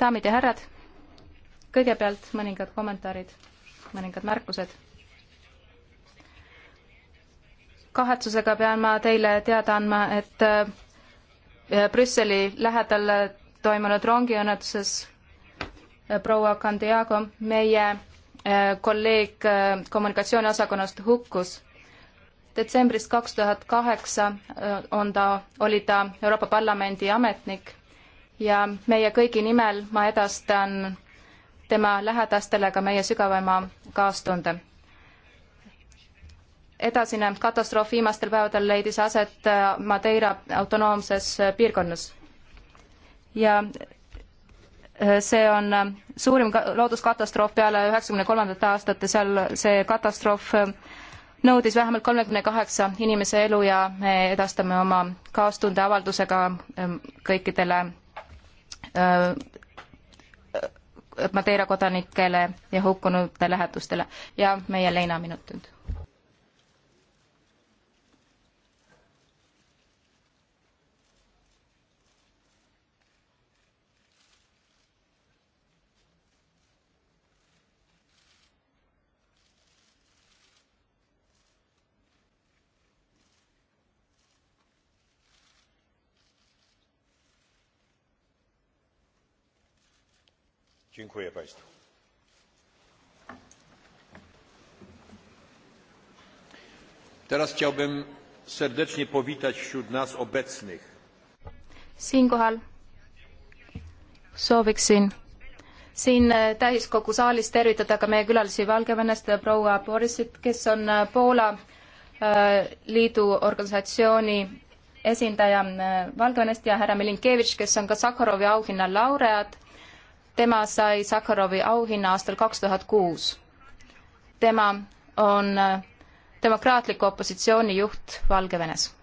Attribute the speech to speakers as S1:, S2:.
S1: daamid ja härrad, kõigepealt mõningad kommentaarid, mõningad märkused. kahetsusega pean ma teile teada andma, et äh, Brüsseli lähedal toimunud rongiõnnetuses äh, proua Candiago, meie äh, kolleeg kommunikatsiooniosakonnast hukkus. detsembrist kaks tuhat kaheksa on ta, oli ta Euroopa Parlamendi ametnik ja meie kõigi nimel ma edastan tema lähedastele ka meie sügavaima kaastunde. edasine katastroof viimastel päevadel leidis aset äh, Madeira autonoomses äh, piirkonnas ja äh, see on suurim looduskatastroof peale üheksakümne kolmandat aastat ja seal see katastroof nõudis vähemalt kolmekümne kaheksa inimese elu ja me edastame oma kaastundeavaldusega ähm, kõikidele Madeira kodanikele ja hukkunute lähedustele ja meie leinaminutid dziękuję państwu. teraz chciałbym serdecznie powitać wśród nas obecnych. siinkohal sooviksin siin äh, täiskogu saalis tervitada ka meie külalisi Valgevenest, äh, proua Borisit, kes on äh, Poola liidu organisatsiooni esindaja Valgevenest ja härra Milinkevitš, kes on ka Sakharovi auhinna laureaat tema sai Sakharovi auhinna aastal kaks tuhat kuus. tema on demokraatliku opositsiooni juht Valgevenes